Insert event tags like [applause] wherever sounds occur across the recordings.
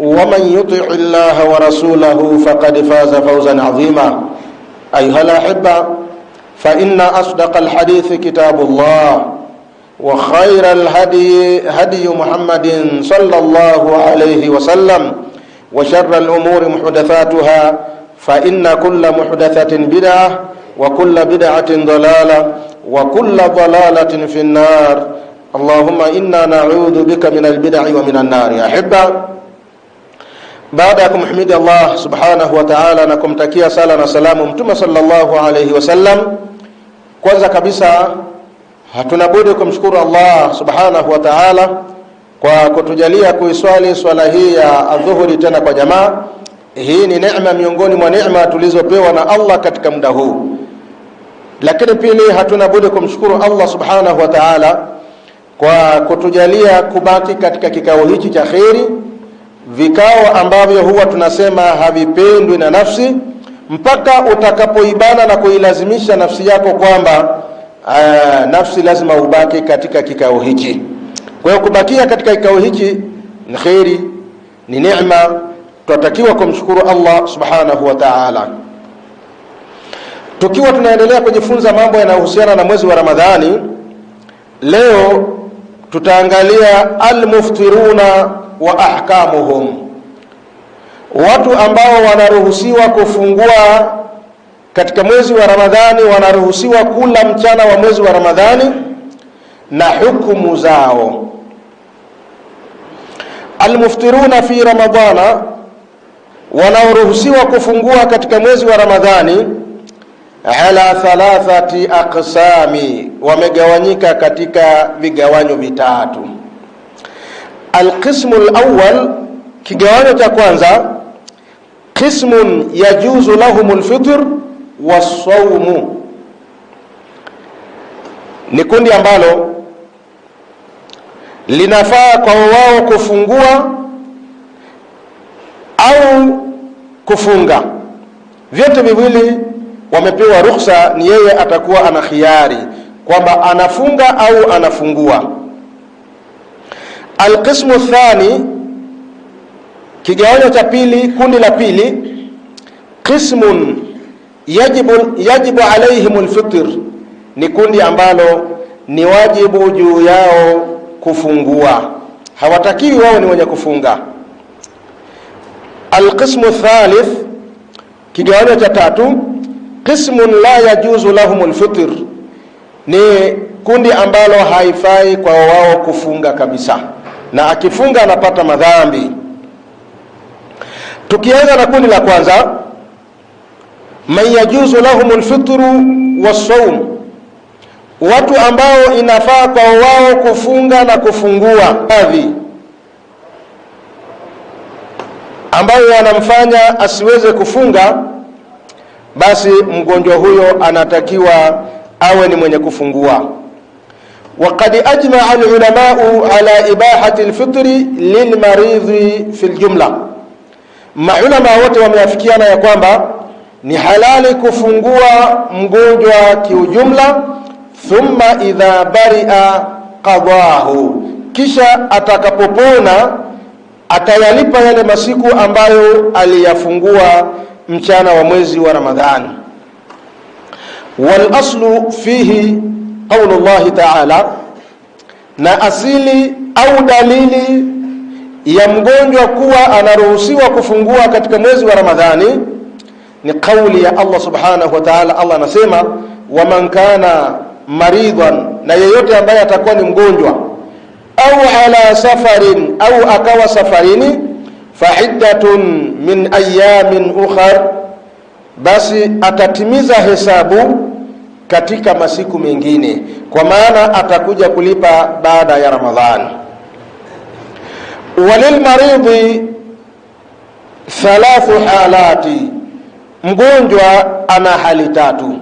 ومن يطع الله ورسوله فقد فاز فوزا عظيما أيها الأحبة فإن أصدق الحديث كتاب الله وخير الهدي هدي محمد صلى الله عليه وسلم وشر الأمور محدثاتها فإن كل محدثة بدعة وكل بدعة ضلالة وكل ضلالة في النار اللهم إنا نعوذ بك من البدع ومن النار يا أحبة Baada ya kumhimidi Allah subhanahu wa ta'ala na kumtakia sala na salamu Mtume sallallahu alayhi wasallam, kwanza kabisa hatuna budi kumshukuru Allah subhanahu wa ta'ala kwa kutujalia kuiswali swala hii ya adhuhuri tena kwa jamaa. Hii ni neema miongoni mwa neema tulizopewa na Allah katika muda huu. Lakini pili, hatuna budi kumshukuru Allah subhanahu wa ta'ala kwa kutujalia kubaki katika kikao hichi cha kheri vikao ambavyo huwa tunasema havipendwi na nafsi, mpaka utakapoibana na kuilazimisha nafsi yako kwamba aa, ah, nafsi lazima ubaki katika kikao hiki Kwa hiyo kubakia katika kikao hiki ni kheri, ni neema, tunatakiwa kumshukuru Allah subhanahu wa ta'ala. Tukiwa tunaendelea kujifunza mambo yanayohusiana na mwezi wa Ramadhani, leo tutaangalia almuftiruna wa ahkamuhum, watu ambao wanaruhusiwa kufungua katika mwezi wa Ramadhani, wanaruhusiwa kula mchana wa mwezi wa Ramadhani na hukumu zao. Almuftiruna fi Ramadhana, wanaoruhusiwa kufungua katika mwezi wa Ramadhani ala thalathati aqsami, wamegawanyika katika vigawanyo vitatu. Alqismu alawwal, kigawanyo cha kwanza, qismun yajuzu lahum alfitr wasawm ni kundi ambalo linafaa kwa wao kufungua au kufunga, vyote viwili wamepewa ruhusa. Ni yeye atakuwa ana khiari kwamba anafunga au anafungua Alqismu thani, kigawanyo cha pili, kundi la pili. Qismun yajibu, yajibu alaihim lfitr, ni kundi ambalo ni wajibu juu yao kufungua, hawatakiwi wao ni wenye kufunga. Alqismu thalith, kigawanyo cha tatu. Qismun la yajuzu lahum lfitr, ni kundi ambalo haifai kwa wao kufunga kabisa na akifunga anapata madhambi. Tukianza na kundi la kwanza, man yajuzu lahum lfitru wasaum, watu ambao inafaa kwa wao kufunga na kufungua hadhi ambayo wanamfanya asiweze kufunga, basi mgonjwa huyo anatakiwa awe ni mwenye kufungua. وقد أجمع العلماء على إباحة الفطر للمريض في الجملة maulama wote wameafikiana ya kwamba ni halali kufungua mgonjwa kiujumla, thumma idha baria qadahu, kisha atakapopona atayalipa yale masiku ambayo aliyafungua mchana wa mwezi wa Ramadhani. Wal aslu fihi qaulu taala, na asili au dalili ya mgonjwa kuwa anaruhusiwa kufungua katika mwezi wa Ramadhani ni kauli ya Allah subhanahu wa taala. Allah anasema waman kana maridhan, na yeyote ambaye atakuwa ni mgonjwa au ala safarin, au akawa safarini, fahiddatun min ayamin ukhar, basi atatimiza hesabu katika masiku mengine, kwa maana atakuja kulipa baada ya Ramadhani. Walilmaridhi thalathu halati, mgonjwa ana hali tatu.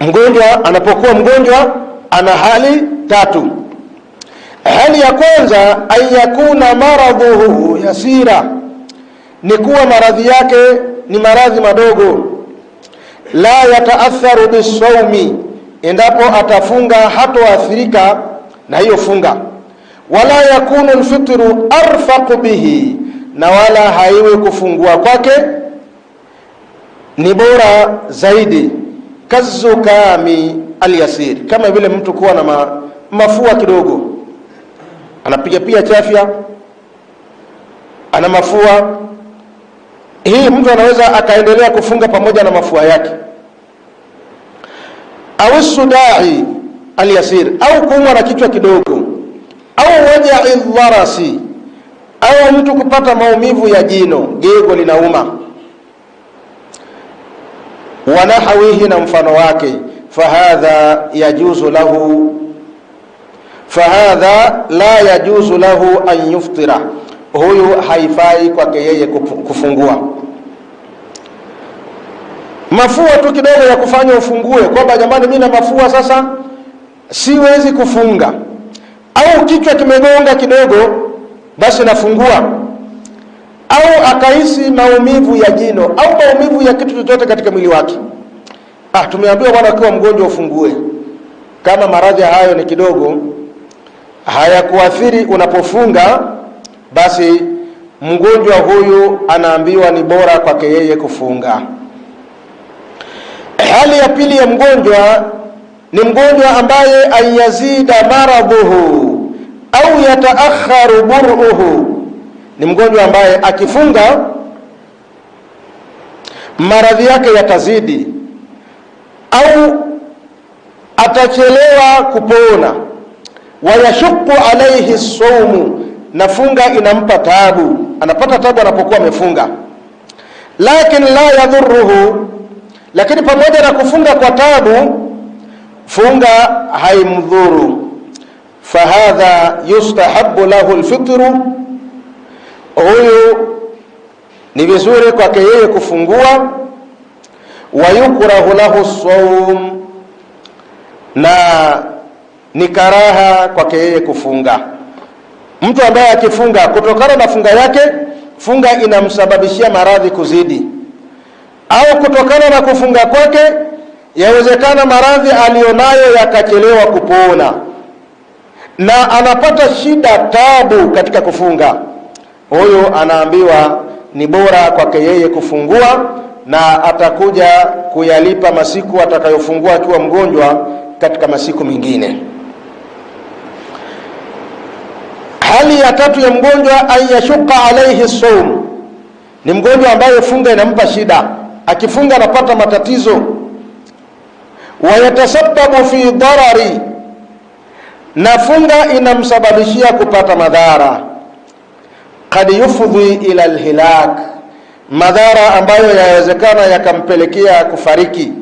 Mgonjwa anapokuwa mgonjwa ana hali tatu. Hali ya kwanza, an yakuna maradhuhu yasira, ni kuwa maradhi yake ni maradhi madogo la yataatharu bisaumi, endapo atafunga hatoathirika na hiyo funga. Wala yakunu alfitru arfaqu bihi, na wala haiwe kufungua kwake ni bora zaidi. Kazukami alyasiri, kama vile mtu kuwa na ma, mafua kidogo, anapiga pia chafya, ana mafua hii. Mtu anaweza akaendelea kufunga pamoja na mafua yake au sudai alyasir, au kuumwa na kichwa kidogo, au wajai dharasi, au mtu kupata maumivu ya jino, gego linauma, wanahawihi na mfano wake, fahadha yajuzu lahu fahadha la yajuzu lahu an yuftira, huyu haifai kwake yeye kufungua mafua tu kidogo ya kufanya ufungue kwamba jamani, mimi na mafua sasa siwezi kufunga, au kichwa kimegonga kidogo, basi nafungua, au akahisi maumivu ya jino au maumivu ya kitu chochote katika mwili wake. Ah, tumeambiwa bwana, ukiwa mgonjwa ufungue kama maradhi hayo ni kidogo hayakuathiri unapofunga, basi mgonjwa huyu anaambiwa ni bora kwake yeye kufunga. Hali ya pili ya mgonjwa ni mgonjwa ambaye ayazida maradhuhu au yataakharu buruhu, ni mgonjwa ambaye akifunga maradhi yake yatazidi au atachelewa kupona. Wayashuku alaihi saumu, na funga inampa taabu, anapata tabu anapokuwa amefunga. Lakini la yadhuruhu lakini pamoja na kufunga kwa tabu, funga haimdhuru, fahadha yustahabu lahu lfitru, huyu ni vizuri kwake yeye kufungua. Wayukrahu lahu saum, na ni karaha kwake yeye kufunga. Mtu ambaye akifunga kutokana na funga yake, funga inamsababishia maradhi kuzidi au kutokana na kufunga kwake, yawezekana maradhi aliyonayo yakachelewa kupona na anapata shida, tabu katika kufunga, huyu anaambiwa ni bora kwake yeye kufungua, na atakuja kuyalipa masiku atakayofungua akiwa mgonjwa katika masiku mengine. Hali ya tatu ya mgonjwa, an yashuka alaihi soum ni mgonjwa ambaye funga inampa shida akifunga anapata matatizo, wayatasababu fi darari, na funga inamsababishia kupata madhara, kad yufdhi ila lhilak madhara ambayo yawezekana yakampelekea kufariki.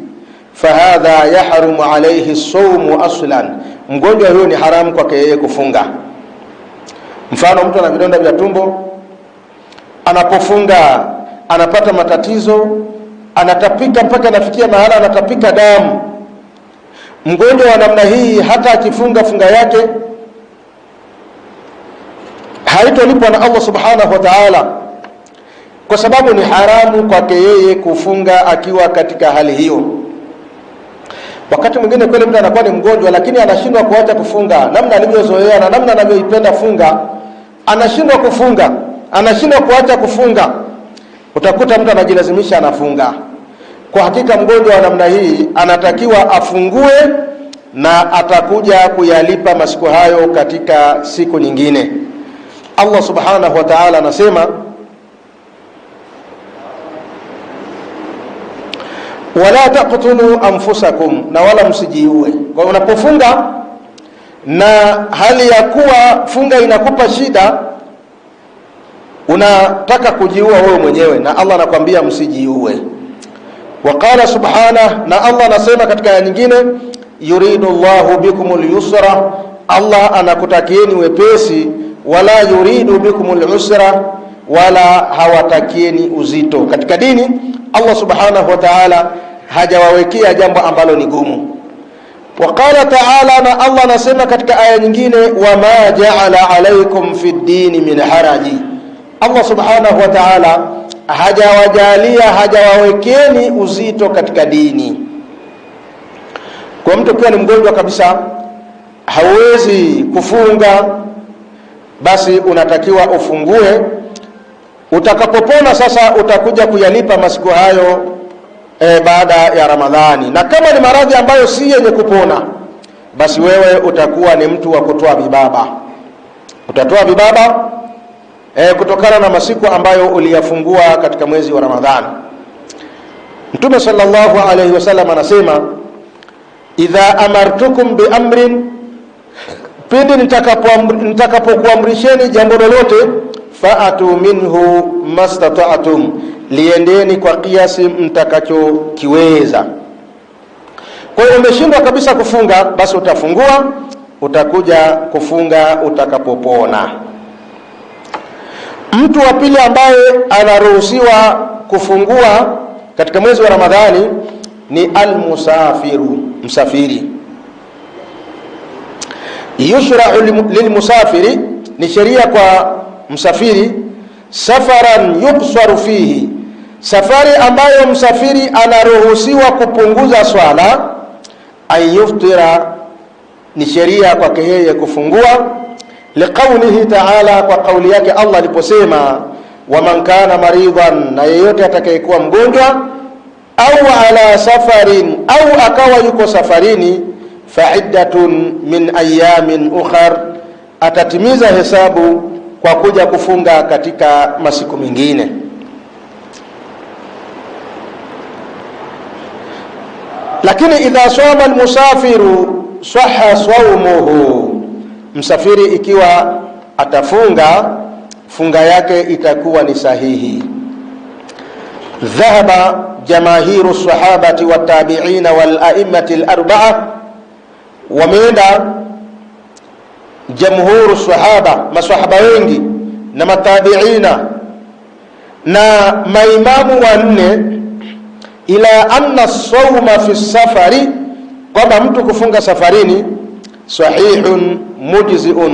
Fahadha yahrumu alaihi saumu aslan, mgonjwa huyo ni haramu kwake yeye kufunga. Mfano, mtu ana vidonda vya tumbo, anapofunga anapata matatizo anatapika mpaka anafikia mahala anatapika damu. Mgonjwa wa namna hii hata akifunga funga yake haitolipwa na Allah subhanahu wa ta'ala, kwa sababu ni haramu kwake yeye kufunga akiwa katika hali hiyo. Wakati mwingine kweli mtu anakuwa ni mgonjwa, lakini anashindwa kuacha kufunga, namna alivyozoea na namna anavyoipenda funga, anashindwa kufunga, anashindwa kuacha kufunga Utakuta mtu anajilazimisha anafunga. Kwa hakika mgonjwa wa namna hii anatakiwa afungue na atakuja kuyalipa masiku hayo katika siku nyingine. Allah subhanahu wa ta'ala anasema wala taqtulu anfusakum, na wala msijiue. Kwa unapofunga na hali ya kuwa funga inakupa shida unataka kujiua wewe mwenyewe, na Allah anakwambia msijiue. Waqala subhanah, na Allah anasema katika aya nyingine, yuridu llahu bikumul yusra, Allah anakutakieni wepesi, wala yuridu bikumul usra, wala hawatakieni uzito katika dini. Allah subhanahu wa ta'ala hajawawekea jambo ambalo ni gumu. Waqala taala, na Allah anasema katika aya nyingine, wama jaala alaykum fid dini min haraji Allah subhanahu wa ta'ala hajawajalia hajawawekeni uzito katika dini. Kwa mtu ukiwa ni mgonjwa kabisa, hauwezi kufunga, basi unatakiwa ufungue. Utakapopona sasa, utakuja kuyalipa masiku hayo e, baada ya Ramadhani. Na kama ni maradhi ambayo si yenye kupona, basi wewe utakuwa ni mtu wa kutoa vibaba, utatoa vibaba e, kutokana na masiku ambayo uliyafungua katika mwezi wa Ramadhani. Mtume sallallahu alayhi wasallam anasema, idha amartukum biamrin, pindi nitakapokuamrisheni jambo lolote, faatu minhu mastata'tum, liendeni kwa kiasi mtakachokiweza. Kwa hiyo umeshindwa kabisa kufunga, basi utafungua, utakuja kufunga utakapopona. Mtu wa pili ambaye anaruhusiwa kufungua katika mwezi wa Ramadhani ni almusafiru, msafiri. yushrau lilmusafiri, ni sheria kwa msafiri. Safaran yuksaru fihi, safari ambayo msafiri anaruhusiwa kupunguza swala. anyuftira ni sheria kwake yeye kufungua liqaulihi taala, kwa kauli yake Allah aliposema waman kana maridan na yeyote atakayekuwa mgonjwa au ala safarin, au akawa yuko safarini, faiddatun min ayamin ukhar, atatimiza hesabu kwa kuja kufunga katika masiku mengine. Lakini idha swama almusafiru sahha sawmuhu Msafiri ikiwa atafunga funga yake itakuwa ni sahihi. Dhahaba jamaahiru sahabati watabiina walaimati larbaa, wameenda jamhuru sahaba, masahaba wengi na matabiina na maimamu wanne, ila anna sauma fi safari, kwamba mtu kufunga safarini sahihun mujziun,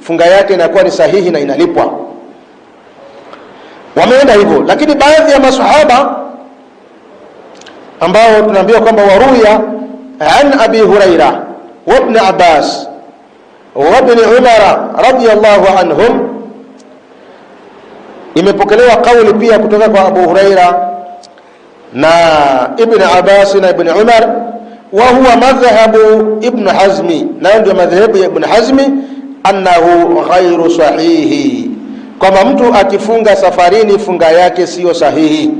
funga yake inakuwa ni sahihi na inalipwa. Wameenda hivyo, lakini baadhi ya masahaba ambao tunaambiwa kwamba waruya an abi huraira wabni abbas ibn umara radiyallahu anhum, imepokelewa kauli pia kutoka kwa Abu Huraira na ibn Abbas na ibn Umar wa huwa madhhabu Ibn Hazmi, nayo ndio madhehebu ya Ibn Hazmi, annahu ghairu sahihi, kwamba mtu akifunga safarini funga yake siyo sahihi.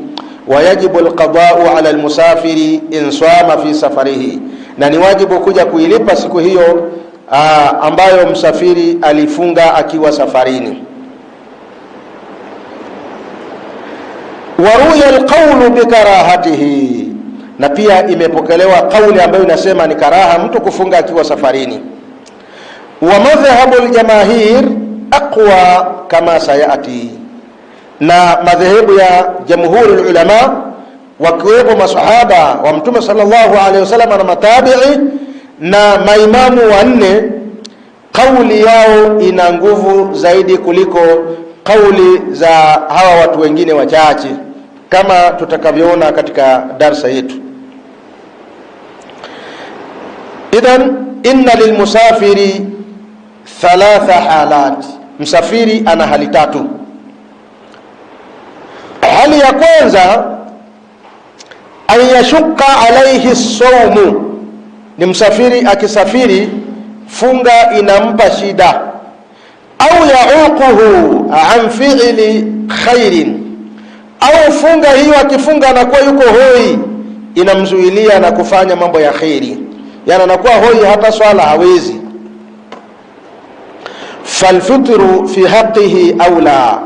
Wa yajibu alqadau ala almusafiri in swama fi safarihi, na ni wajibu kuja kuilipa siku hiyo aa, ah, ambayo msafiri alifunga akiwa safarini. Waruya alqawlu bikarahatihi na pia imepokelewa kauli ambayo inasema ni karaha mtu kufunga akiwa safarini. Wa madhhabu aljamahir aqwa kama sayati, na madhehebu ya jamhuri ulama wakiwepo masahaba wa Mtume sallallahu alaihi wasallam na matabii na maimamu wanne, kauli yao ina nguvu zaidi kuliko kauli za hawa watu wengine wachache, kama tutakavyoona katika darsa yetu. Idhan inna lilmusafiri thalatha halat, msafiri ana hali tatu. Hali ya kwanza an yashuka alaihi saumu, ni msafiri akisafiri funga inampa shida, au yauquhu an fili khairin, au funga hiyo akifunga anakuwa yuko hoi, inamzuilia na kufanya mambo ya kheri yani anakuwa hoi hata swala hawezi. falfitru fi haqihi aula,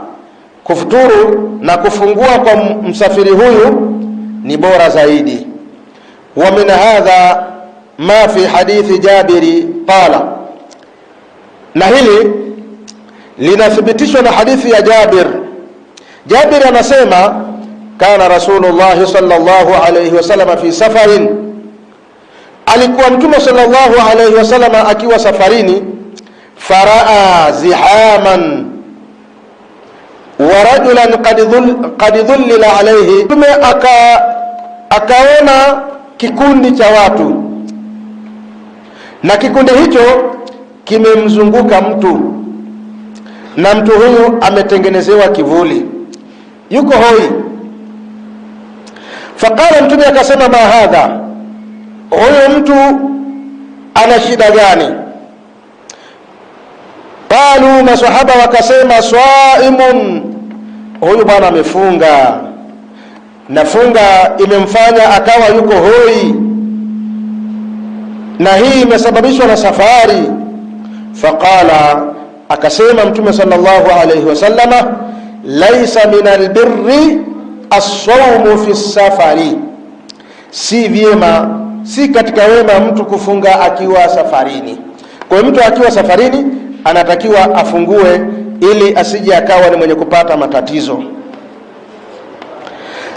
kufuturu na kufungua kwa msafiri huyu ni bora zaidi. Wa min hadha ma fi hadithi Jabiri qala, na hili linathibitishwa na hadithi ya Jabir. Jabir anasema kana Rasulullahi sallallahu alayhi wasallam fi safarin alikuwa Mtume sallallahu alayhi wasallam akiwa safarini, faraa zihaman wa rajulan qad dhullila alayhi Mtume aka akaona kikundi cha watu na kikundi hicho kimemzunguka mtu na mtu huyu ametengenezewa kivuli, yuko hoi. Faqala Mtume akasema ma hadha huyu mtu ana shida gani? Qalu, masahaba wakasema, swaimun, huyu bwana amefunga, nafunga imemfanya akawa yuko hoi, na hii imesababishwa na safari. Faqala, akasema Mtume sallallahu alayhi wasallama, laisa min albirri as-sawm fi safari, si vyema si katika wema mtu kufunga akiwa safarini. Kwa mtu akiwa safarini anatakiwa afungue ili asije akawa ni mwenye kupata matatizo.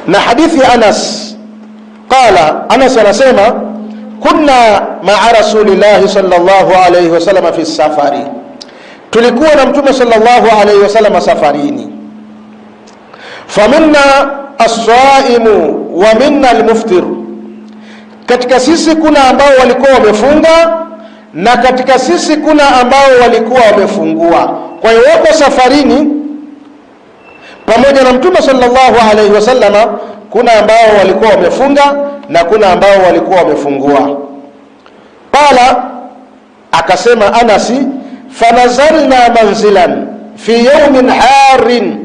Na hadithi ya Anas qala, Anas anasema kunna maa rasulillahi sallallahu alayhi wasallam fi safari, tulikuwa na mtume sallallahu alayhi wasallam safarini. faminna as-saimu wa minna al-muftiru katika sisi kuna ambao walikuwa wamefunga na katika sisi kuna ambao walikuwa wamefungua. Kwa hiyo wako safarini pamoja na Mtume sallallahu alaihi wasalama Kuna ambao walikuwa wamefunga na kuna ambao walikuwa wamefungua. pala akasema Anasi, fanazalna manzilan fi yaumin harin,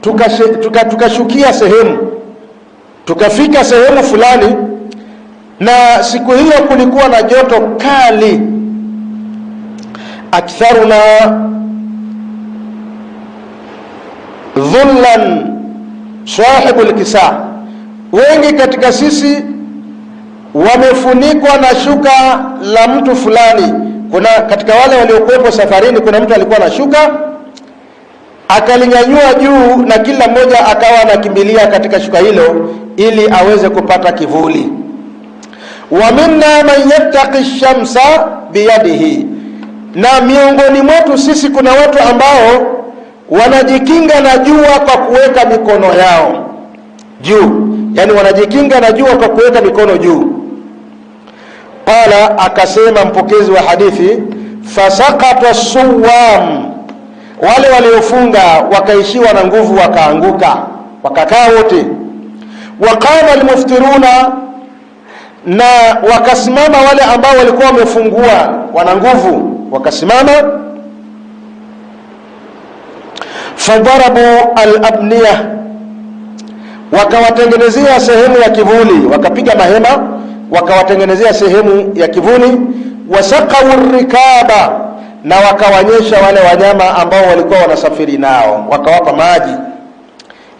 tukashukia tuka, tuka sehemu tukafika sehemu fulani na siku hiyo kulikuwa na joto kali. Aktharuna dhullan sahibu lkisa wengi katika sisi wamefunikwa na shuka la mtu fulani. Kuna katika wale waliokuwepo safarini, kuna mtu alikuwa na shuka akalinyanyua juu, na kila mmoja akawa anakimbilia katika shuka hilo ili aweze kupata kivuli wa minna man yattaqi shamsa biyadihi, na miongoni mwetu sisi kuna watu ambao wanajikinga na jua kwa kuweka mikono yao juu, yani wanajikinga na jua kwa kuweka mikono juu. Qala, akasema mpokezi wa hadithi, fasakata suwam, wale waliofunga wakaishiwa na nguvu, wakaanguka, wakakaa wote. Waqama almuftiruna na wakasimama wale ambao walikuwa wamefungua, wana nguvu, wakasimama fadarabu alabniya, wakawatengenezea sehemu ya kivuli, wakapiga mahema, wakawatengenezea sehemu ya kivuli. Wasakau rikaba, na wakawanyesha wale wanyama ambao walikuwa wanasafiri nao, wakawapa maji.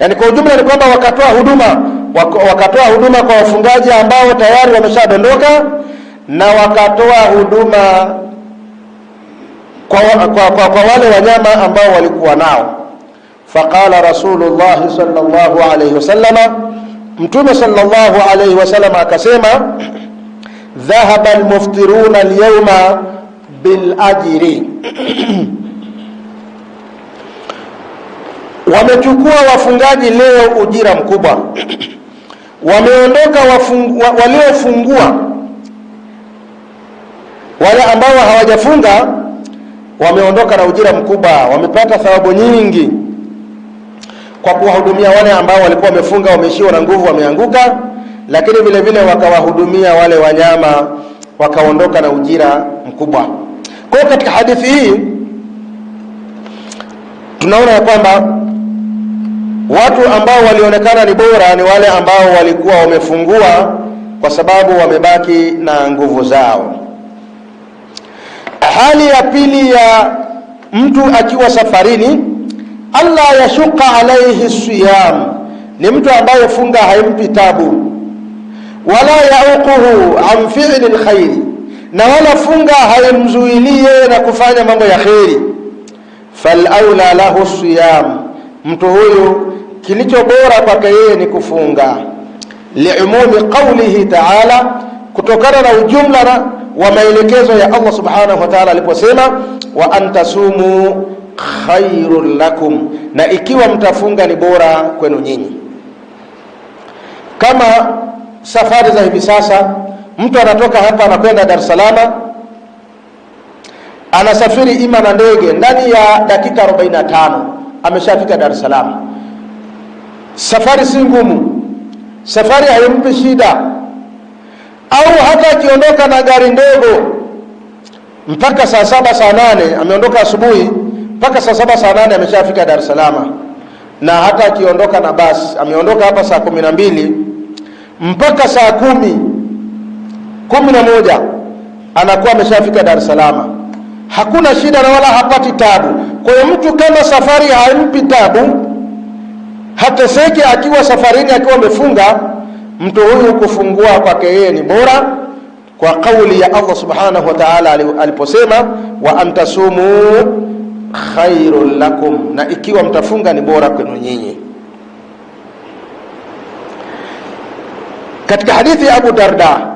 Yani kwa ujumla ni kwamba wakatoa huduma wakatoa huduma kwa wafungaji ambao tayari wameshadondoka na wakatoa huduma kwa, kwa, kwa, kwa wale wanyama ambao walikuwa nao. Faqala Rasulullah sallallahu alayhi wasallam, Mtume sallallahu alayhi wasallam akasema dhahaba almuftiruna alyawma bilajri [clears throat] wamechukua wafungaji leo ujira mkubwa [clears throat] wameondoka waliofungua, wale ambao hawajafunga wameondoka na ujira mkubwa, wamepata thawabu nyingi kwa kuwahudumia wale ambao walikuwa wamefunga, wameishiwa na nguvu, wameanguka, lakini vile vile wakawahudumia wale wanyama, wakaondoka na ujira mkubwa. Kwa katika hadithi hii tunaona ya kwamba Watu ambao walionekana ni bora ni wale ambao walikuwa wamefungua kwa sababu wamebaki na nguvu zao. Hali ya pili ya mtu akiwa safarini, alla yashuqa alaihi siyam, ni mtu ambaye funga haimpi tabu, wala yauquhu an fi'li lkhairi, na wala funga haimzuilie na kufanya mambo ya kheri. Falaula lahu siyam, mtu huyu kilicho bora kwake yeye ni kufunga. Liumumi qaulihi taala, kutokana na ujumla wa maelekezo ya Allah subhanahu wa taala aliposema, wa antasumu khairun lakum, na ikiwa mtafunga ni bora kwenu nyinyi. Kama safari za hivi sasa, mtu anatoka hapa anakwenda Dar es Salaam, anasafiri ima na ndege, ndani ya dakika 45 ameshafika Dar es Salaam Safari si ngumu, safari haimpi shida. Au hata akiondoka na gari ndogo mpaka saa saba saa nane ameondoka asubuhi, mpaka saa saba saa nane ameshafika Dar salama na hata akiondoka na basi, ameondoka hapa saa kumi na mbili mpaka saa kumi kumi na moja anakuwa ameshafika Dar salama Hakuna shida na wala hapati tabu. Kwa hiyo mtu kama safari haimpi tabu hateseki akiwa safarini, akiwa amefunga. Mtu huyu kufungua kwake yeye ni bora kwa kauli ya Allah subhanahu wa ta'ala aliposema, wa antasumu khairul lakum, na ikiwa mtafunga ni bora kwenu nyinyi. Katika hadithi ya Abu Darda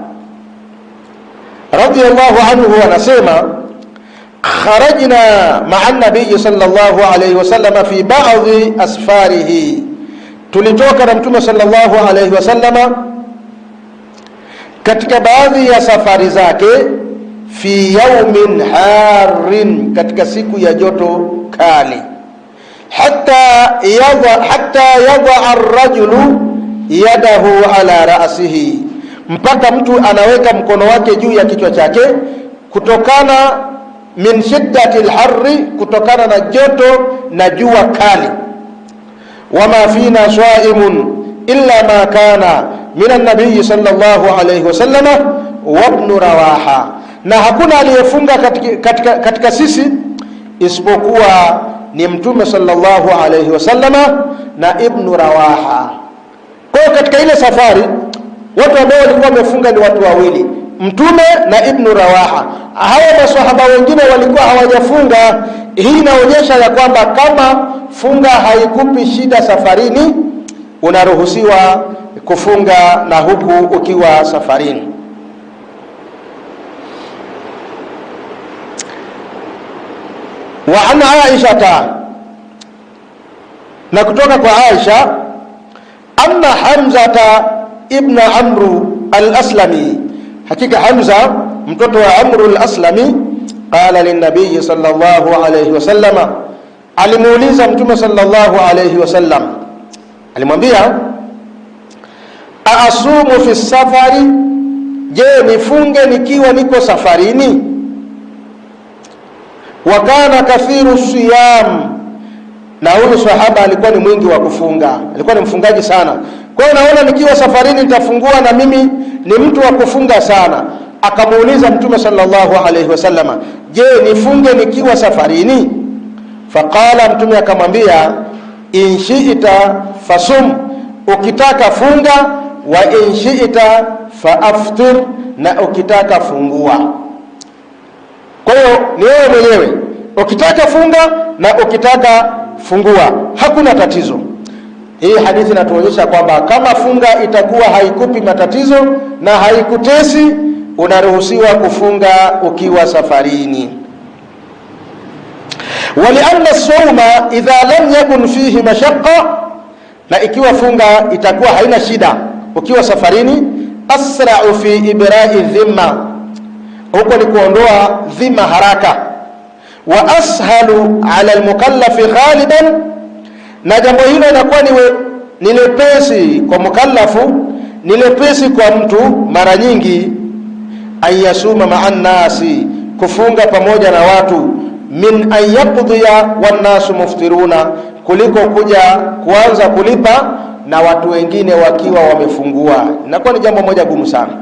radhiyallahu anhu anasema kharajna ma'a nabiyi sallallahu alayhi wasallam fi ba'dhi asfarihi tulitoka na Mtume sallallahu alayhi wasallama katika baadhi ya safari zake fi yaumin harin, katika siku ya joto kali, hatta yadaa arrajulu yadahu ala rasihi, mpaka mtu anaweka mkono wake juu ya kichwa chake, kutokana min shiddati lharri, kutokana na joto na jua kali wama fina saimun illa ma kana min annabiyi sallallahu alayhi wa wabnu rawaha, na hakuna aliyefunga katika, katika, katika sisi isipokuwa ni mtume sallallahu alayhi wasallama na ibnu rawaha. Kwa katika ile safari watu ambao walikuwa wamefunga ni watu wawili Mtume na Ibnu Rawaha. Hawa maswahaba wengine walikuwa hawajafunga. Hii inaonyesha ya kwamba kama funga haikupi shida safarini, unaruhusiwa kufunga na huku ukiwa safarini. Wa an Aishata, na kutoka kwa Aisha, anna Hamzata ibna Amru al-Aslami Hakika Hamza mtoto wa Amru al-Aslami qala linabiyi sallallahu alayhi wasallama, alimuuliza Mtume sallallahu alayhi wasallam, alimwambia aasumu fi safari, je nifunge nikiwa niko safarini? Wa kana kathiru siyam na huyu sahaba alikuwa ni mwingi wa kufunga, alikuwa ni mfungaji sana. Kwa hiyo naona nikiwa safarini nitafungua, na mimi ni mtu wa kufunga sana. Akamuuliza Mtume sallallahu alaihi wasallam, je, nifunge nikiwa safarini? Faqala, Mtume akamwambia, inshita fasum, ukitaka funga, wa inshita faaftir, na ukitaka fungua. Kwa hiyo ni wewe mwenyewe, ukitaka funga na ukitaka fungua, hakuna tatizo. Hii hadithi inatuonyesha kwamba kama funga itakuwa haikupi matatizo na haikutesi, unaruhusiwa kufunga ukiwa safarini. wa lianna sawma idha lam yakun fihi mashaqqa, na ikiwa funga itakuwa haina shida ukiwa safarini, asra'u fi ibrai dhimma, huko ni kuondoa dhima haraka wa ashalu ala almukallafi ghaliban, na jambo hilo inakuwa ni lepesi kwa mukallafu, ni lepesi kwa mtu mara nyingi, anyasuma maa nnasi, kufunga pamoja na watu, min an yaqdiya wannasu muftiruna, kuliko kuja kuanza kulipa na watu wengine wakiwa wamefungua. Inakuwa ni jambo moja gumu sana.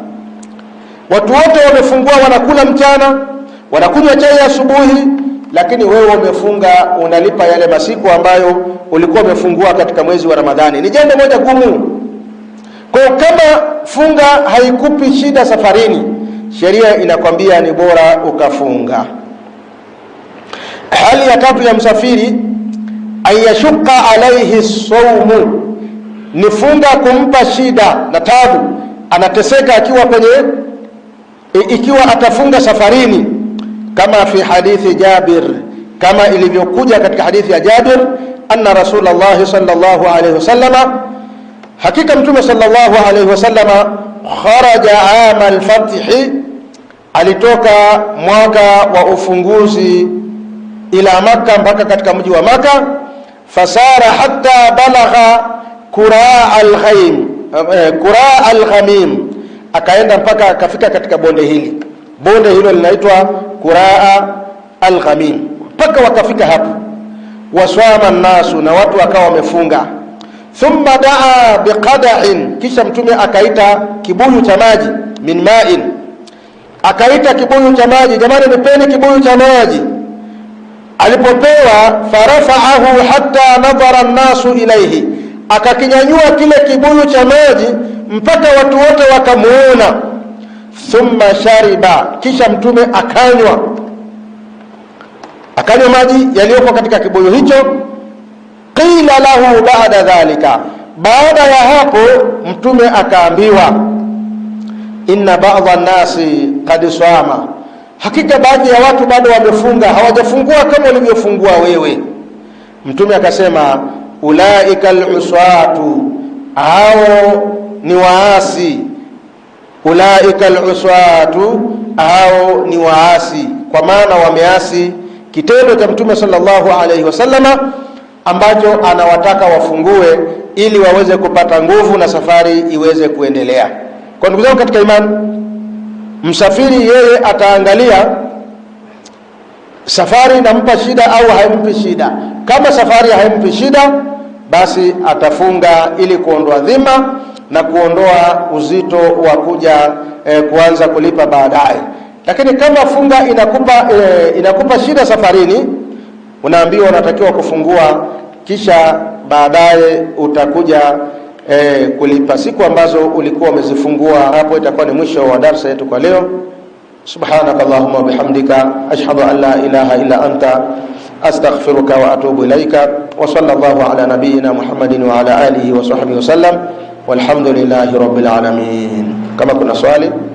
Watu wote wamefungua, wanakula mchana, wanakunywa chai asubuhi lakini wewe umefunga unalipa yale masiku ambayo ulikuwa umefungua katika mwezi wa Ramadhani. Ni jambo moja gumu. Kwa kama funga haikupi shida safarini, sheria inakwambia ni bora ukafunga. Hali ya tatu ya msafiri, ayashuka alaihi sawmu ni funga kumpa shida na tabu, anateseka akiwa kwenye ikiwa atafunga safarini kama fi hadithi Jabir, kama ilivyokuja katika hadithi ya Jabir, anna Rasulullah sallallahu alayhi wasallam, hakika Mtume sallallahu alayhi wasallam kharaja ama alfathi, alitoka mwaka wa ufunguzi ila Maka, mpaka katika mji wa Maka, fasara hatta balagha qura kura al alghamim, akaenda mpaka akafika katika bonde hili. Bonde hilo linaitwa Quraa Alghamim mpaka wakafika hapo. Waswama nnasu, na watu wakawa wamefunga. Thumma daa biqadain, kisha Mtume akaita kibuyu cha maji. Min main, akaita kibuyu cha maji, jamani, nipeni kibuyu cha maji. Alipopewa farafaahu hatta nadhara nnasu ilaihi, akakinyanyua kile kibuyu cha maji mpaka watu wote wakamuona thumma shariba, kisha mtume akanywa, akanywa maji yaliyokuwa katika kibuyu hicho. Qila lahu baada dhalika, baada ya hapo mtume akaambiwa, inna ba'dha nasi qad sama, hakika baadhi ya watu bado wamefunga, hawajafungua kama ulivyofungua wewe. Mtume akasema ulaika aluswatu hao ni waasi ulaika luswatu au ni waasi, kwa maana wameasi kitendo cha Mtume sallallahu alaihi wasallama ambacho anawataka wafungue ili waweze kupata nguvu na safari iweze kuendelea. Kwa ndugu zangu katika imani, msafiri yeye ataangalia safari inampa shida au haimpi shida. Kama safari haimpi shida, basi atafunga ili kuondoa dhima na kuondoa uzito wa kuja e, kuanza kulipa baadaye. Lakini kama funga inakupa e, inakupa shida safarini, unaambiwa unatakiwa kufungua kisha baadaye utakuja e, kulipa siku ambazo ulikuwa umezifungua. Hapo itakuwa ni mwisho wa darsa yetu kwa leo. Subhanaka Allahumma bihamdika ashhadu an la ilaha illa anta astaghfiruka wa atubu ilaika wa sallallahu ala nabiyyina Muhammadin wa ala alihi wa sahbihi wasallam. والحمد لله رب العالمين كما كنا سؤالي